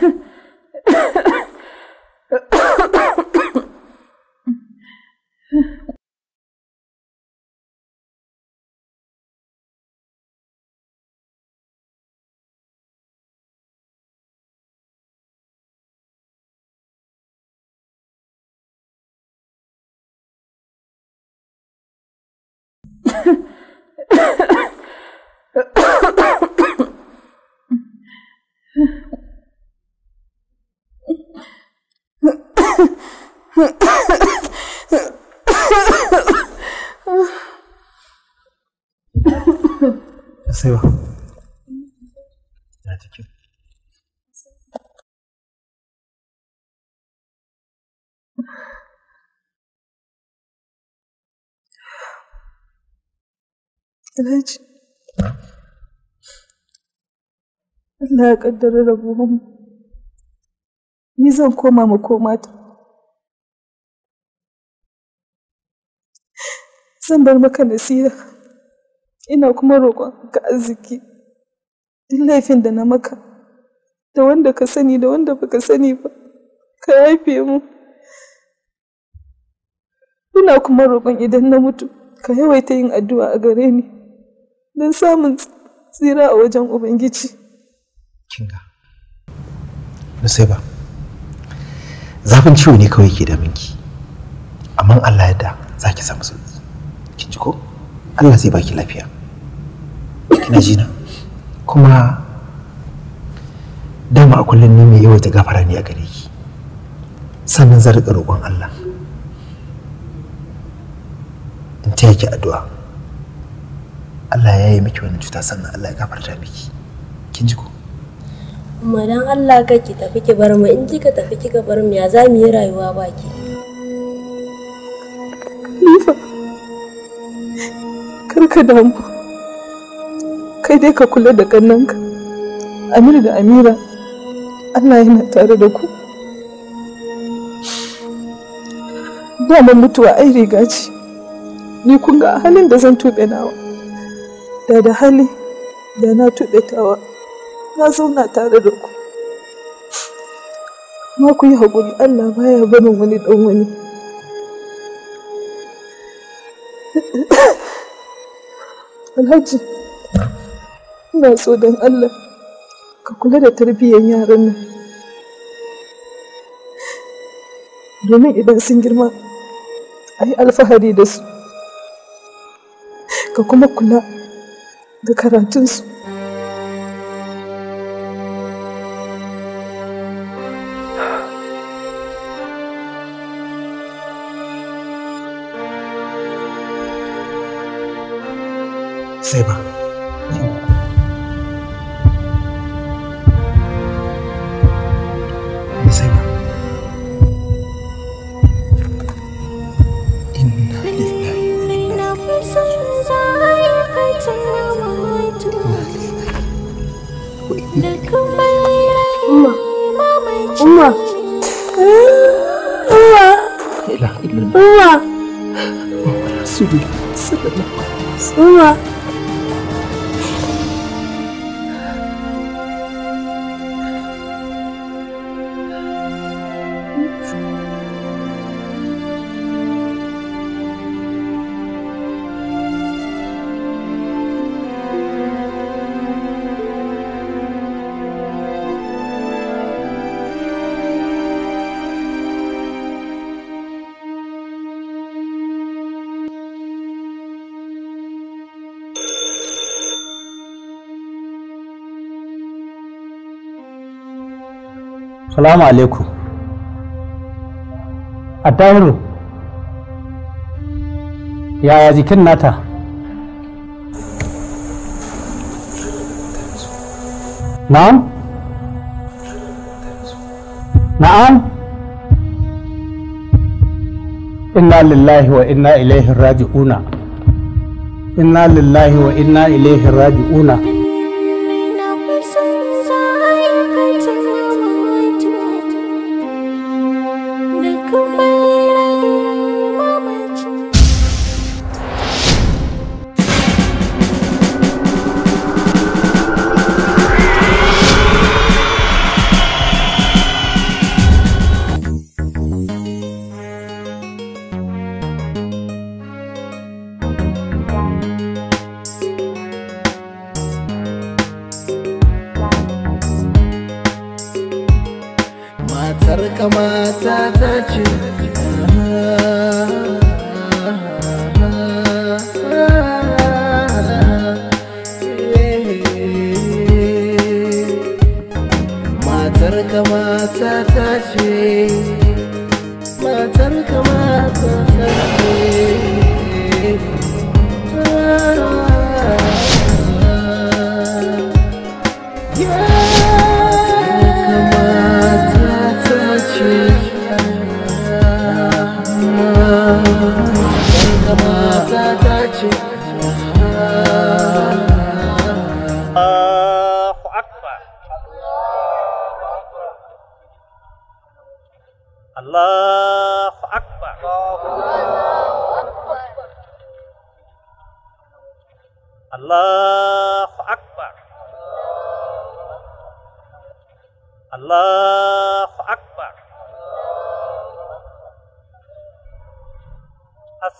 哼，咳咳，咳。Alhaji. Allah ya kaddara rabuwan ni zan koma ma komata. Zan bar maka nasira, ina kuma roƙon ka arziki, duk laifin da na maka, da wanda ka sani da wanda baka sani ba, ka mu. Ina kuma roƙon idan na mutu, ka yawaita yin addu'a a gare ni. don samun tsira a wajen ubangiji kinga sai ba zafin ciwo ne kawai ke da minki amma Allah yadda za ki samu sauki kin ji ko Allah zai baki lafiya kina jina kuma dama a kullum ne mai yawaita gafara ne a gare ki sannan zan roƙon Allah in taya ki addu'a Allah ya yi miki wannan cuta sannan Allah ya gafarta miki kin ji ko amma dan Allah ka ki tafi ki bar mu in kika tafi kika bar mu ya za mu yi rayuwa ba ki kar ka damu kai dai ka kula da kannanka Amir da Amira Allah yana tare da ku daman mutuwa ai riga ce ni kun ga halin da zan tuɓe nawa da da hali da na tuɓe tawa na zauna tare da ku ma ku yi haƙuri allah baya barin wani ɗan wani alhaji ina so dan allah ka kula da tarbiyyar yaran nan domin idan sun girma a alfahari da su ka kuma kula da karatunsu sai ba salamu alaikum a tahiru yaya jikin nata na'am na'am inna lillahi wa inna ilaihi raji'una inna lillahi wa inna ilaihi raji'una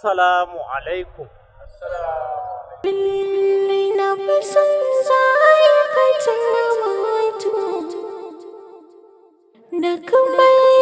assalamu alaikum na fi kaita zai da kamar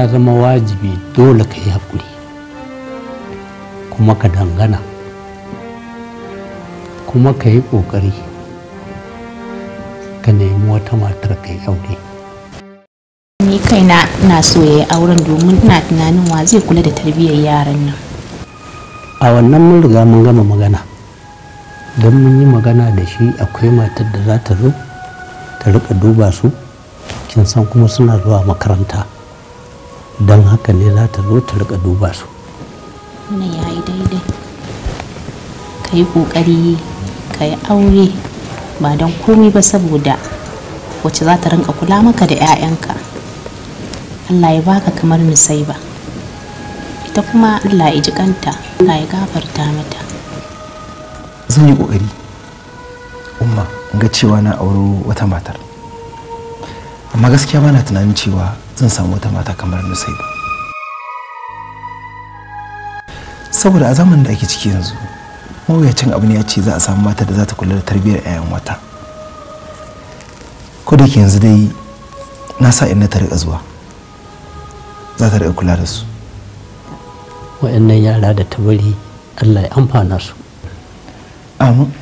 ya zama wajibi dole ka yi haƙuri kuma ka dangana kuma ka yi ƙoƙari ka nemi wata matar ka yi aure ni kaina na so auren domin ina tunanin wa zai kula da tarbiyyar yaran nan a wannan mun riga mun gama magana don mun yi magana da shi akwai matar da za ta zo ta riƙa duba su kin san kuma suna zuwa makaranta don haka ne za ta zo ta rika duba su wannan ya yi daidai ka yi ƙoƙari ka yi aure ba don komai ba saboda wace za ta rinka kula maka da 'ya'yanka allah ya baka kamar misai ba ita kuma allah ya ji kanta allah ya gafarta mata zan yi ƙoƙari umma ga cewa na auro wata matar amma gaskiya ba na tunanin cewa zan samu wata mata kamar ba. Saboda a zamanin da ake ciki yanzu, mawuyacin abu ne ya ce za a samu mata da za ta kula da tarbiyyar 'ya'yan wata. Ko da yanzu dai na sa in ta rika zuwa, za ta rika kula da su. Wa'annan yara da ta bari Allah ya amfana su. Amin.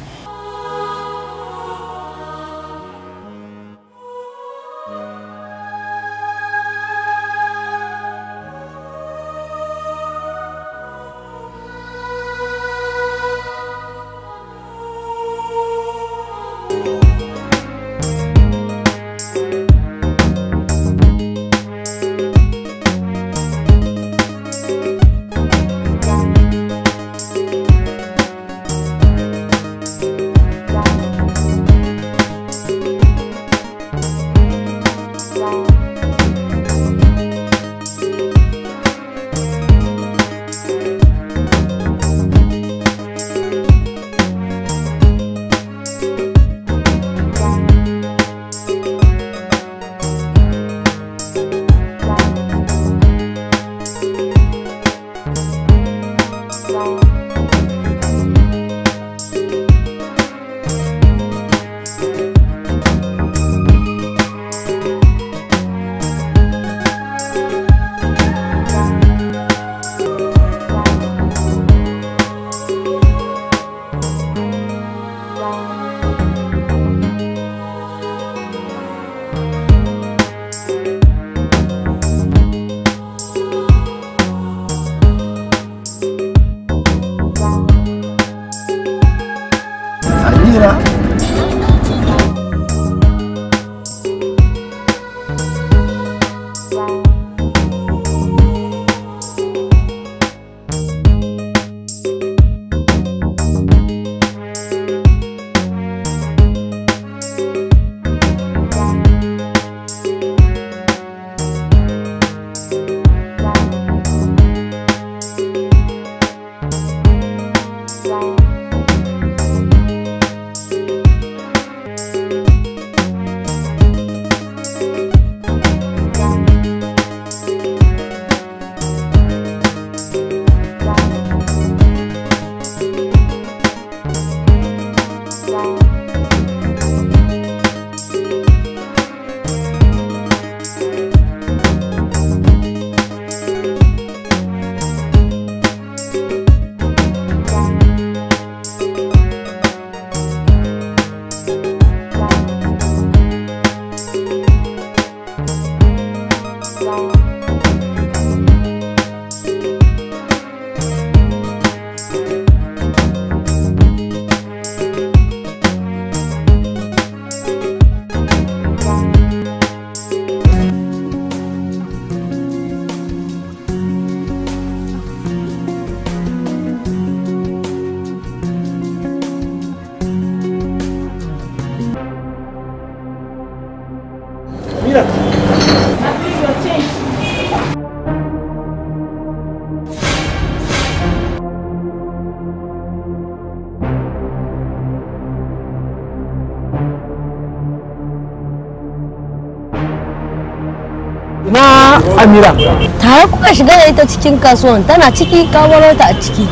Amira? Tare kuka shiga da ita cikin kasuwan tana ciki kawarwata a ciki.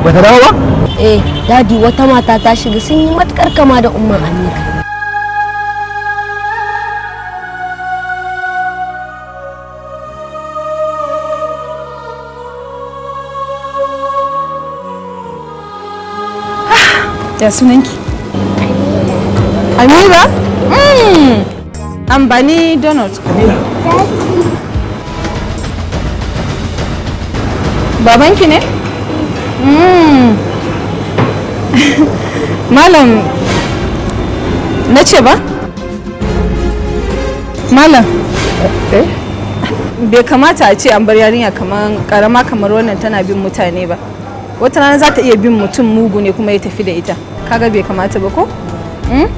Ba ta dawo ba? Eh, dadi wata mata ta shiga sun yi matukar kama da umman Amira. Ah, ya sunanki? Amira? Amira? Hmm, Ambani Donald. Amira. babanki ne? Hmm. malam na ce ba? malam eh? bai kamata a ce an bar yarinya kamar karama kamar wannan tana bin mutane ba wata rana za ta iya bin mutum mugu ne kuma ya tafi da ita kaga bai kamata ba ko? Hmm?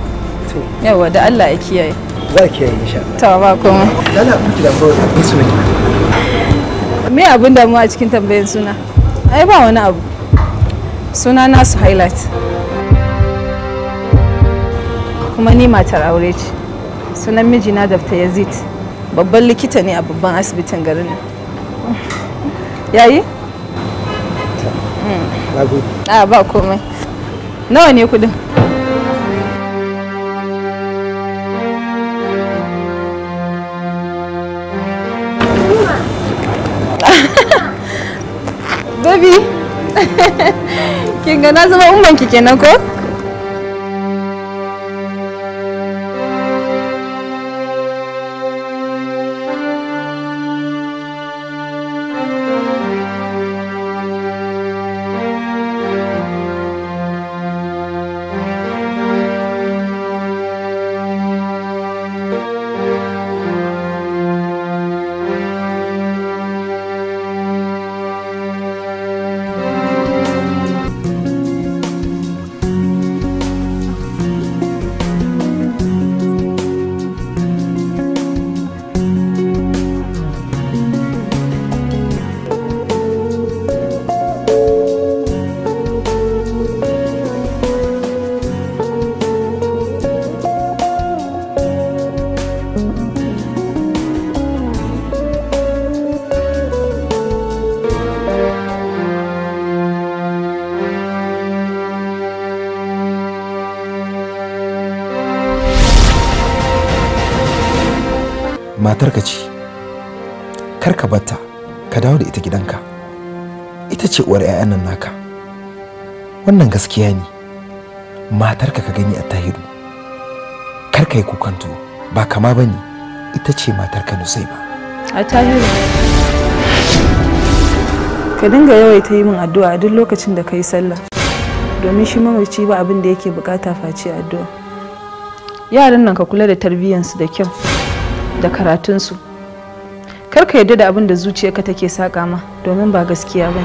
yawa da Allah ya kiyaye za ki yi insha Allah ta ba kuma lala ku da ba ku me abin damuwa a cikin tambayin suna ai ba wani abu suna nasu highlight kuma ni matar aure ce sunan mijina dafta yazid babban likita ne a babban asibitin garin yayi a ah, ba komai nawa ne kudin kin ga na zama umman ki kenan ko uwar 'ya'yan nan naka wannan gaskiya ne matar ka gani a tahiru kar ka yi kukanto ba kama ba ne ita ce matarka nusai ba a tahiru ka dinga yawaita yi min addu'a duk lokacin da ka yi sallah domin shi mamaci ba abin da yake bukata face addu'a yaran nan ka kula da tarbiyyansu da kyau da karatunsu kar ka yarda da abin da zuciyarka take saƙa ma domin ba gaskiya ne.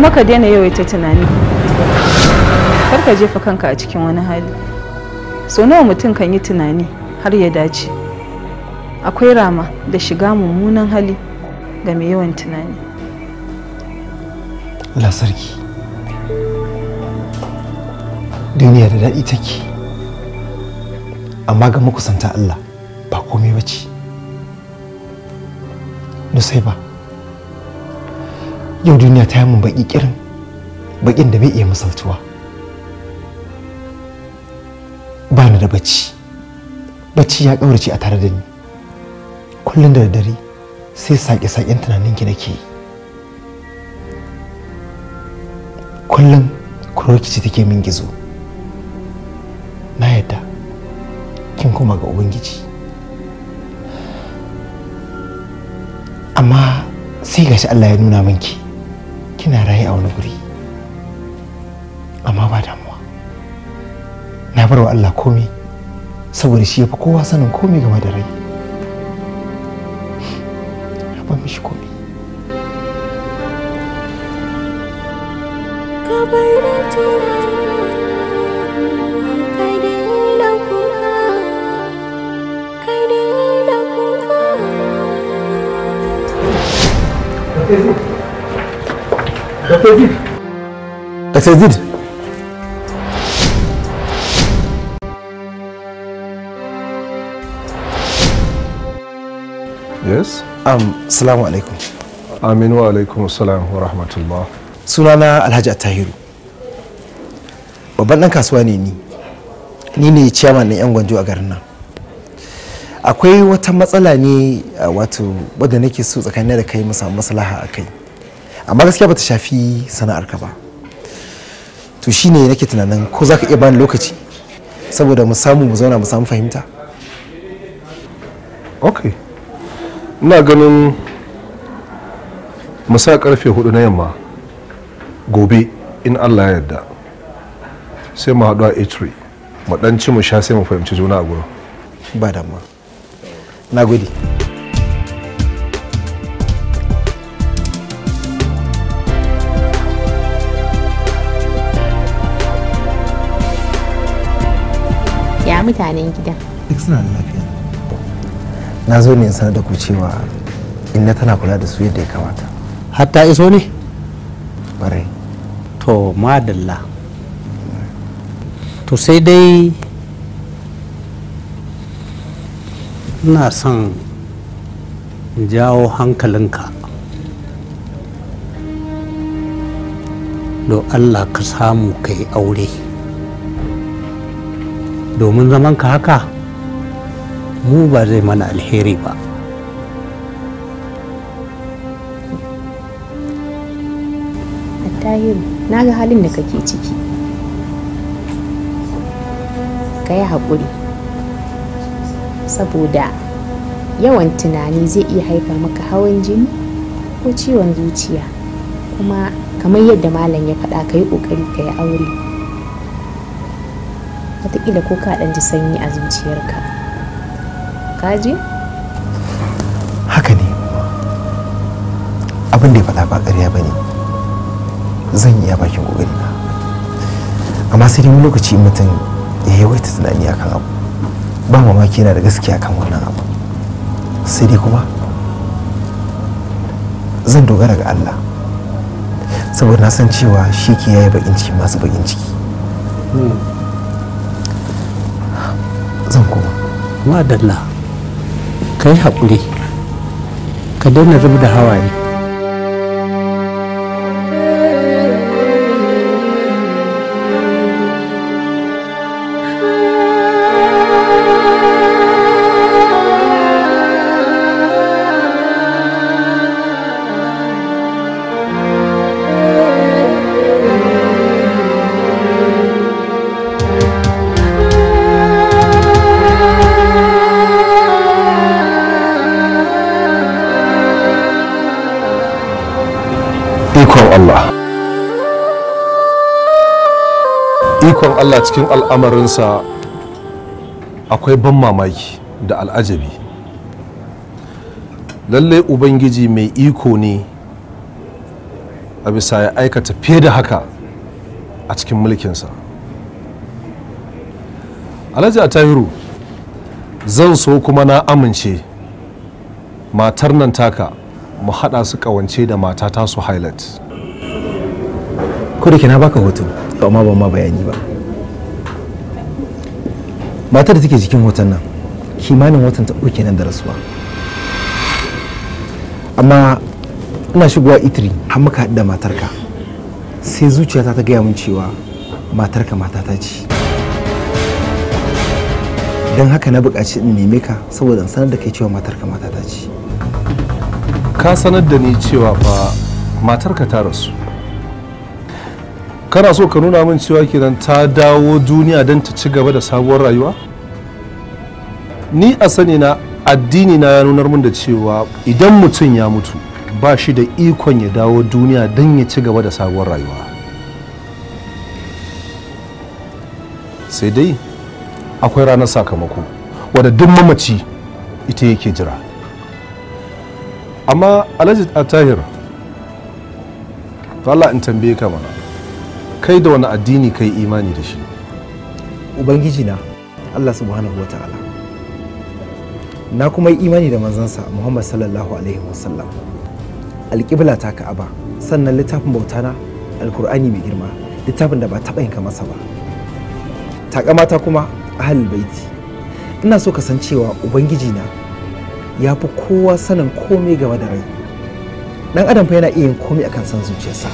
kuma ka daina yawaita tunani kar ka jefa kanka a cikin wani hali sau nawa mutum kan yi tunani har ya dace akwai rama da shiga mummunan hali ga mai yawan tunani Allah sarki duniya da daɗi take amma ga makusanta Allah ba komai ba ce sai ba yau duniya ta yi mun baki kirin bakin da bai iya misaltuwa ba ni da bacci bacci ya kaurace a tare da ni kullum da dare sai sake-saken tunanin ki nake kullum kurokici take min gizo na yadda kin kuma ga ubangiji amma sai gashi Allah ya nuna minki kina raye a wani guri amma ba damuwa na bar wa Allah komai saboda shi ya fi kowa sanin komai game da rai na Dr. Zid. Yes? Um, salamu alaikum. alaikum salam wa rahmatullah. Sunana Alhaji Attahiru. Babban ɗan kasuwa ne ni. Ni ne ciyama na 'yan gwanjo a garin nan. Akwai wata matsala ne wato wadda nake so tsakanin da kai mu samu maslaha a kai. amma gaskiya bata shafi sana'ar ka ba to shine nake tunanin ko za ka iya bani lokaci saboda mu samu mu zauna mu samu fahimta ok ina ganin sa karfe hudu na yamma gobe in allah ya yarda sai mu haɗu a itri mu ɗan ci mu sha sai mu fahimci juna a gurin ba na gode mutanen gidan duk suna da lafiya na zo ne in sanar da ku cewa inna tana kula da su yadda ya kamata hatta iso ne bare to madalla to sai dai ina son jawo hankalinka do allah ka samu ka yi aure domin zaman ka haka mu ba zai mana alheri ba attahiru na ga halin da kake ciki ka yi haƙuri saboda yawan tunani zai iya haifa maka hawan jini ko ciwon zuciya kuma kamar yadda malam ya faɗa ka yi ƙoƙari ka yi aure wataƙila ko ka ɗan ji sanyi a zuciyarka ka je haka ne abin da ya faɗa ba ƙarya ba ne zan iya bakin ƙoƙari na amma sai dai wani lokaci mutum ya yawaita tunani akan abu ba mamaki yana da gaskiya kan wannan abu sai dai kuma zan dogara ga Allah saboda na san cewa shi ke yayi bakin ciki masu bakin ciki hmm. zan koma madalla ka yi haƙuri ka daina zub da hawaye Allah ikon Allah cikin al'amarinsa akwai ban mamaki da al'ajabi lalle ubangiji mai iko ne a bisa ya aikata fiye da haka a cikin mulkinsa alhaji a tahiru zan so kuma na amince matar nan taka mu haɗa su ƙawance da matata su highlight ko da ke na baka hoto to amma ban ma bayani ba matar da take jikin hoton nan kimanin watan ta uku nan da rasuwa amma ina shigowa itiri e har muka haɗu da matarka sai zuciyata ta gaya min cewa matarka matata ce don haka na buƙaci in neme ka saboda in sanar da kai cewa matarka matata ce ka sanar da ni cewa fa matarka ta rasu kana so ka nuna min cewa kenan ta dawo duniya don ta ci gaba da sabuwar rayuwa ni a sani na addini na ya nunar min da cewa idan mutum ya mutu ba shi da ikon ya dawo duniya don ya ci gaba da sabuwar rayuwa sai dai akwai ranar sakamako wadda duk mamaci ita yake jira amma alhaji a tahir Allah in tambaye ka mana kai da wani addini kai imani da shi ubangiji na allah subhanahu wa ta'ala na kuma yi imani da manzansa muhammad sallallahu alaihi wasallam alƙibla ta ka'aba sannan littafin bauta na alkur'ani mai girma littafin da ba taɓa yin masa ba takamata kuma ahalul baiti ina so ka san cewa ubangiji na ya fi kowa sanin komai game da rai dan adam fa yana iya yin komai akan san zuciyarsa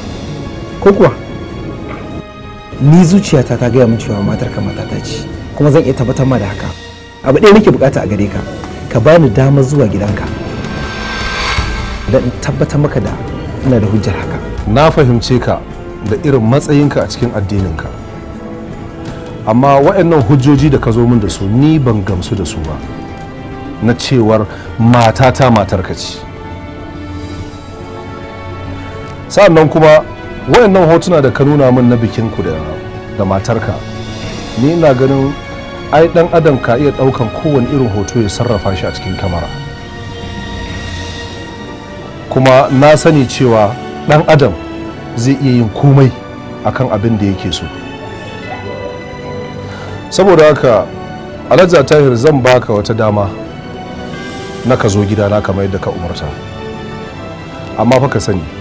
ko kuwa ni zuciyata ta gaya mun cewa matar ka ta ce kuma zan iya tabbatar ma da haka abu ɗaya nake bukata a gare ka ka bani dama zuwa gidanka don tabbatar maka da ina da hujjar haka na fahimce ka da irin matsayinka a cikin addininka amma waɗannan hujjoji da ka zo min da su ni ban gamsu da su ba na cewar matata matarka ce sannan kuma waɗannan hotuna da ka nuna min na bikinku da da matarka ni ina ganin ai dan adam ka iya ɗaukan kowane irin hoto ya sarrafa shi a cikin kamara kuma na sani cewa dan adam zai iya yin komai akan abin da yake so saboda haka alhaji tahir zan baka wata dama na ka zo gidana kamar yadda ka umarta amma fa ka sani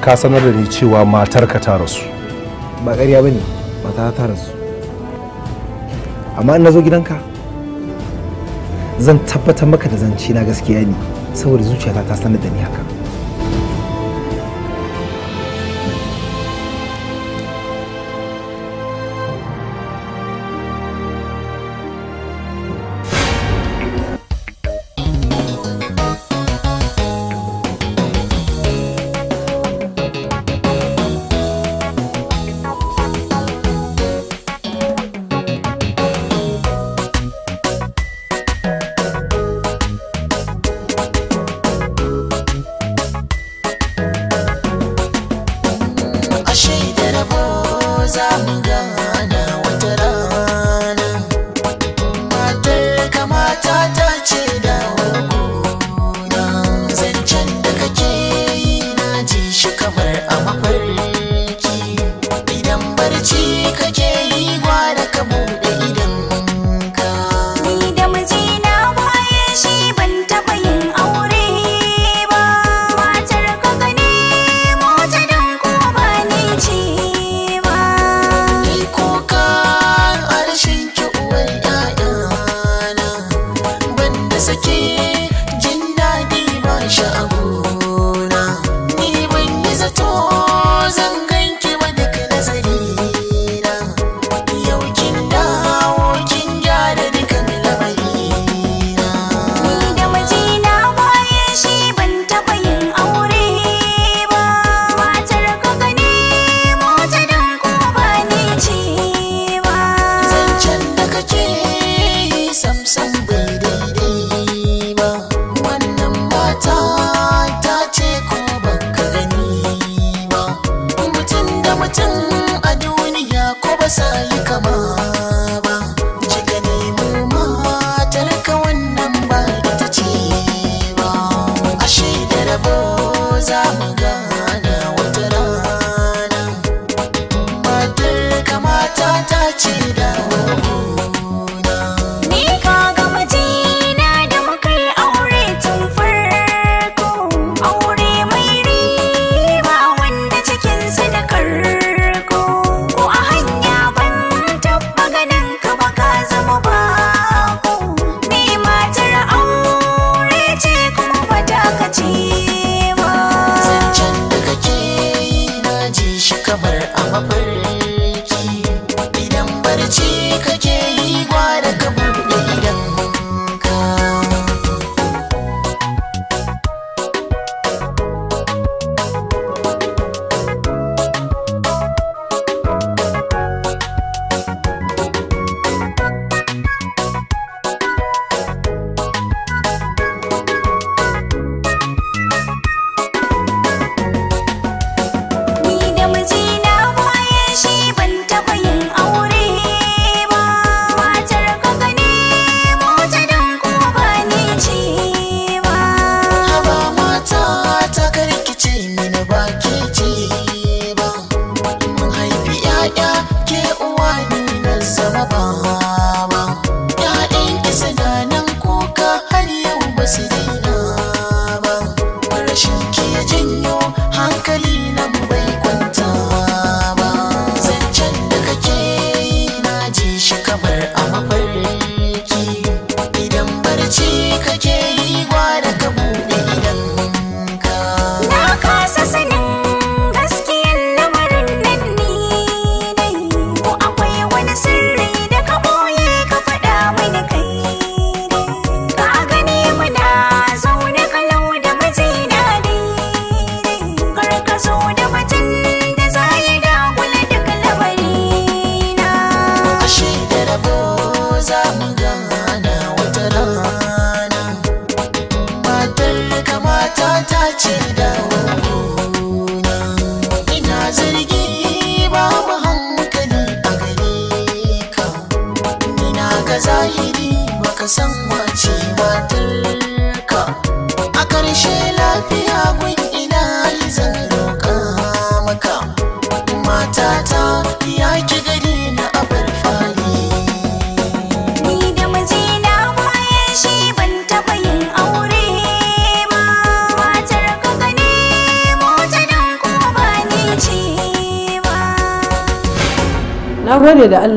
ka sanar da ni cewa matarka ta rasu ba ƙarya ba ne mata ta rasu amma in na zo gidanka zan tabbatar maka da zance na gaskiya ne saboda zuciyata ta sanar da ni haka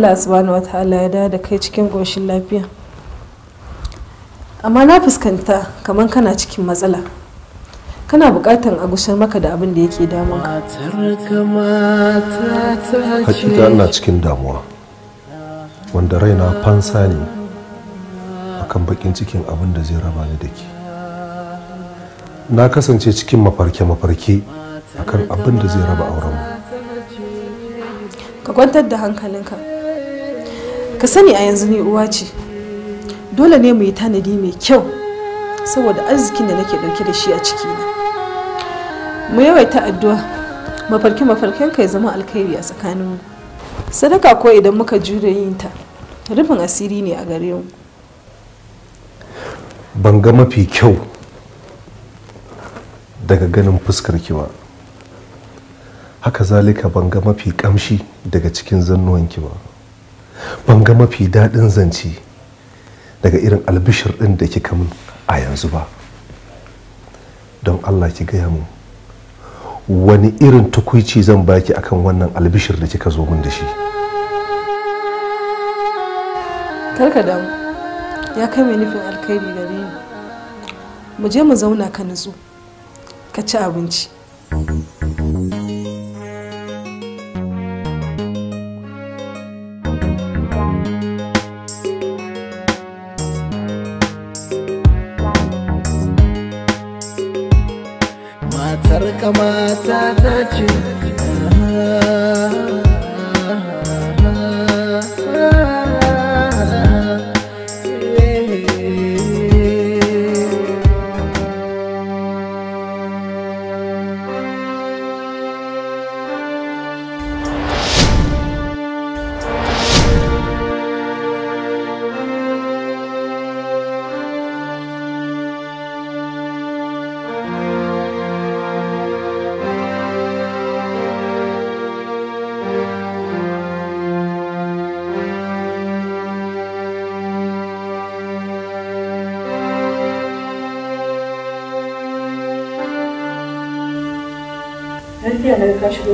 allah subhanahu ta'ala ya da kai cikin ƙoshin lafiya amma na fuskanta kamar kana cikin matsala kana buƙatar a gushar maka da abin da yake damun hakika ina cikin damuwa wanda raina fansa ne akan bakin cikin abin da zai raba ni da ke na kasance cikin mafarke-mafarke akan abin da zai raba aurenmu ka kwantar da hankalinka ka sani a yanzu ni uwa ce dole ne mu yi tanadi mai kyau saboda arzikin da nake ɗauke da shi a ciki na mu yawaita addu'a mafarki mafarkin ka ya zama alkhairi a tsakanin mu sadaka ko idan muka jure yin ta rufin asiri ne a gare mu ban ga mafi kyau daga ganin fuskar ki ba haka zalika ban ga mafi kamshi daga cikin zannuwanki ba ban ga mafi daɗin zance daga irin albishir ɗin da kika mun a yanzu ba don allah ki gaya mu wani irin tukuici zan baki akan wannan albishir da kika zo mun da shi karka damu ya kai mai nufin alkhairi gare ni mu je mu zauna ka nutsu ka ci abinci kamata ta ce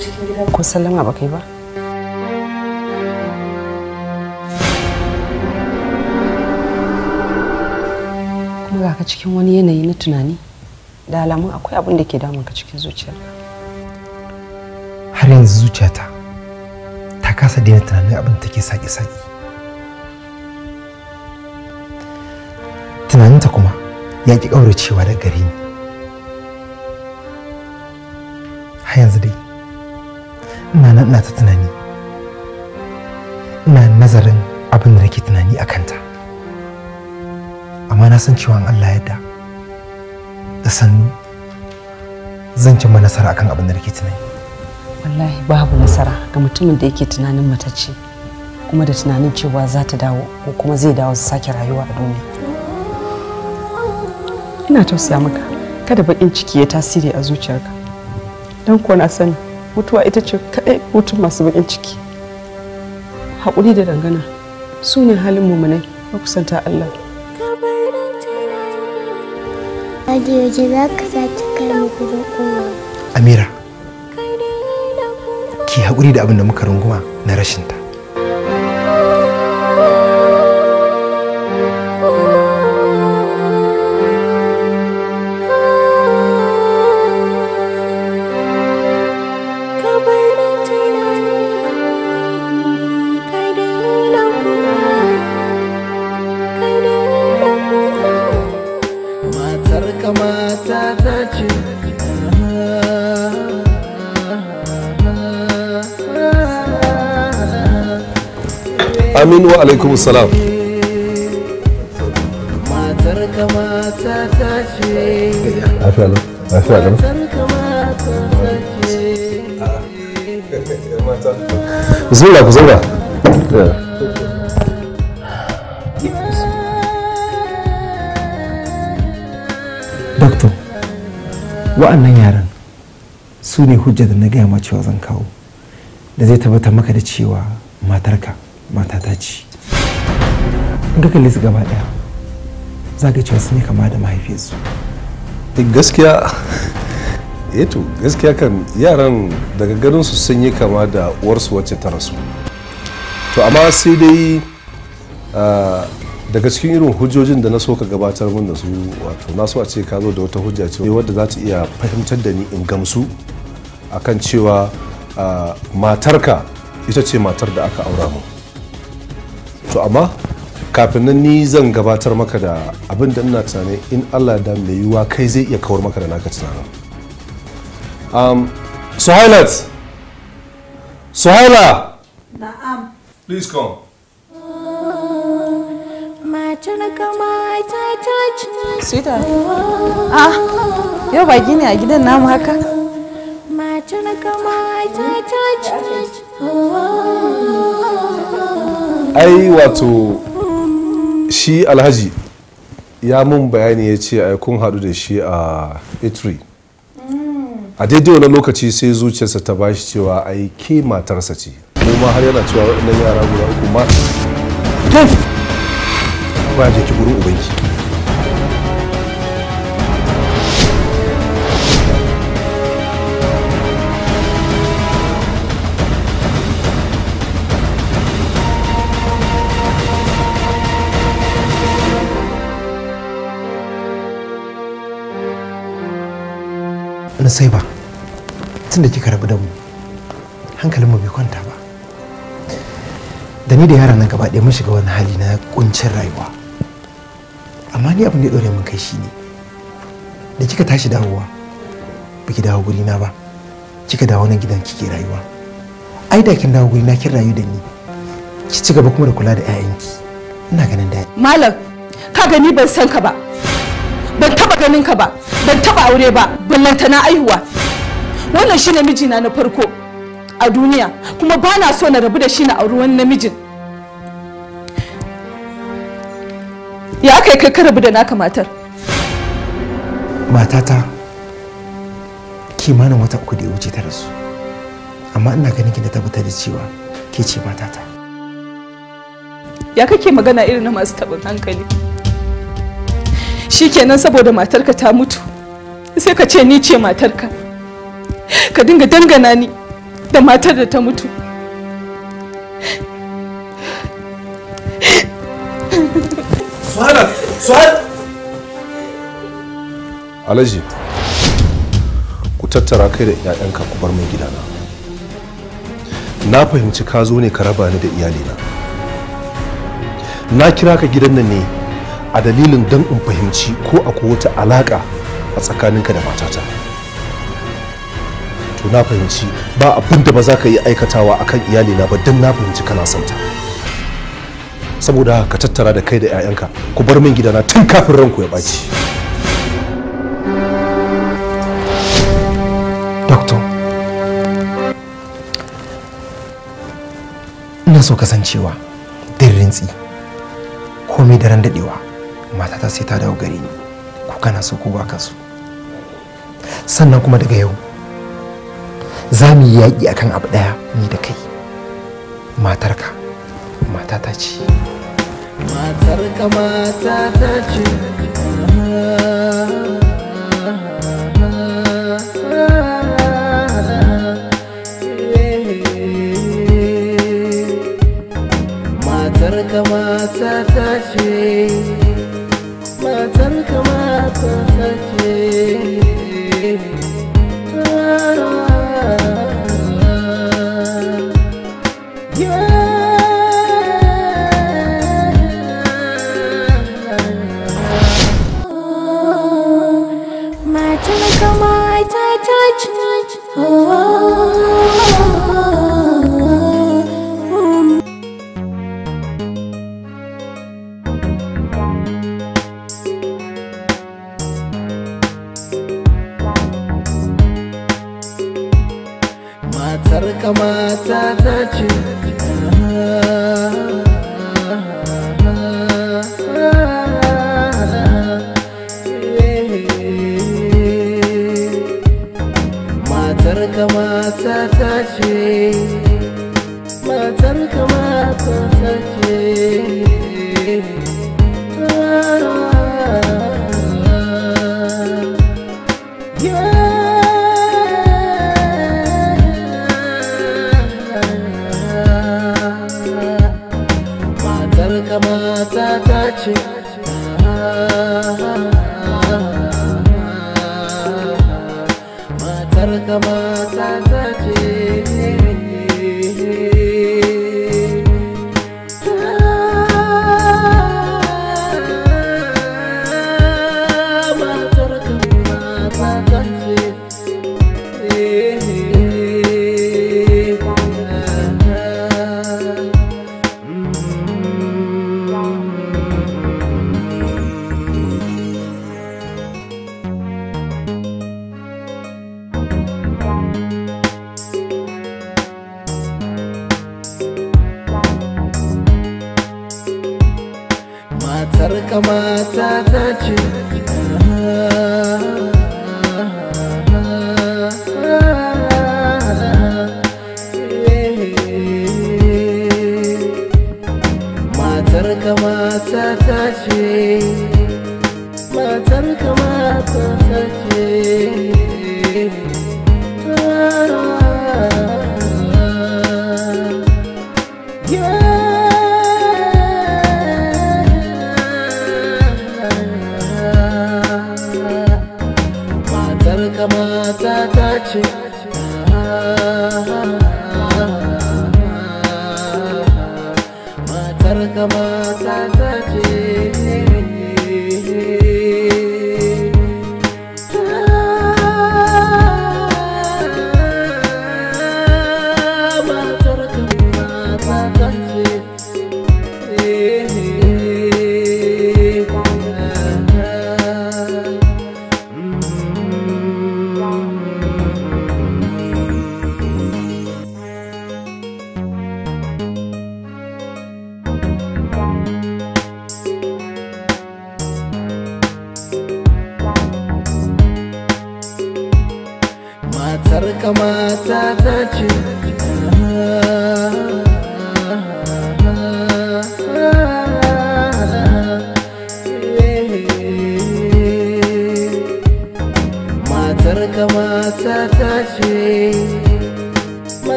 cikin gida ko sallama ba kai ba kuma ga ka cikin wani yanayi na tunani da alamun akwai abin da ke damun ka cikin zuciya. har yanzu zuciyata ta kasa daina tunanin abin da take saki-saki tunaninta kuma ya ƙi cewa da gare ni har yanzu dai ina nan ina ta tunani ina nazarin abin da nake tunani a kanta amma na san cewa Allah yadda da sannu zan cimma nasara akan abin da nake tunani wallahi babu nasara ga mutumin da yake tunanin ce kuma da tunanin cewa za ta dawo ko kuma zai dawo su sake rayuwa a duniya ina tausaya maka kada baƙin ciki ya tasiri a zuciyarka don kuwa na sani mutuwa ita ce kaɗai hutun masu baƙin ciki haƙuri da dangana su ne halin mummunai kusanta Allah Amira, ki haƙuri da abin da muka runguma na rashinta. wa alaikum salam matar ta ce ku wa'annan yaran su ne hujja da na gaya ma cewa zan kawo da zai tabbata maka da cewa matarka matata ce duka lis gaba daya za su ne kama da mahaifinsu eh, gaskiya eto eh gaskiya kan yaran daga ganin su sun yi kama da uwarsu wacce ta rasu to amma sai dai ah, daga cikin irin hujjojin da na so ka gabatar min da su wato na so a ce ka zo da wata hujja ce wadda za ta iya fahimtar da ni in gamsu akan cewa ah, matarka ita ce matar da aka aura mu to amma kafin nan ni zan gabatar maka da abin da ina tunanin in allah da mai yiwuwa kai zai iya kawar maka da naka tunanin um, so suhaila na'am please come Sweetheart, ah, yau ba gini a gidan namu haka? Ai wato shi alhaji ya mun bayani ya ce ai kun haɗu da shi a itri a daidai wani lokaci sai zuciyarsa ta bashi cewa ai ke matarsa ce kuma har yana cewa waɗannan yara guda uku ma ba je ki gurin ubanki ranar sai ba tunda kika rabu da mu hankalinmu bai kwanta ba da ni da yaran nan gaba ɗaya mun shiga wani hali na kuncin rayuwa amma ni abin da ya dore mun kai shi ne da kika tashi dawowa ba ki dawo gurina ba kika dawo nan gidan kike rayuwa ai da kin dawo gurina kin rayu da ni ki ci gaba kuma da kula da 'ya'yanki ina ganin daɗi malam ka gani ban san ka ba ganin ka ba ban taba aure ba ballanta na aihuwa wannan shi ne mijina na farko a duniya kuma ba na so na rabu da shi na auri namijin ya aka yi kai ka rabu da naka matar matata kimanin wata uku da ya wuce ta rasu amma ina ganin ki da tabbatar da cewa ke ce matata ya kake magana irin na masu taɓin hankali Shi shikenan saboda matarka ta mutu sai ka ce ni ce matarka ka dinga dangana ni da matar da ta mutu alaji ku tattara kai da 'ya'yanka ku bar min gidana. Na fahimci ka zo ne ka raba ni da iyalina. Na kira ka gidan nan ne a dalilin don in fahimci ko akwai wata alaƙa a tsakaninka da matata to na fahimci ba abin da ba za ka yi aikatawa akan iyalina ba don na fahimci kana santa saboda ka tattara da kai da 'ya'yanka ku bar min gidana tun kafin ranku ya ɓaci ina so kasancewa din rintsi komai daren daɗewa matata sai ta dawo gare ni ko kana so ko ba ka so sannan kuma daga yau za mu yi yaƙi akan abu ɗaya ni da kai matarka matata ce matarka matata ce kamata ta ce matar kamata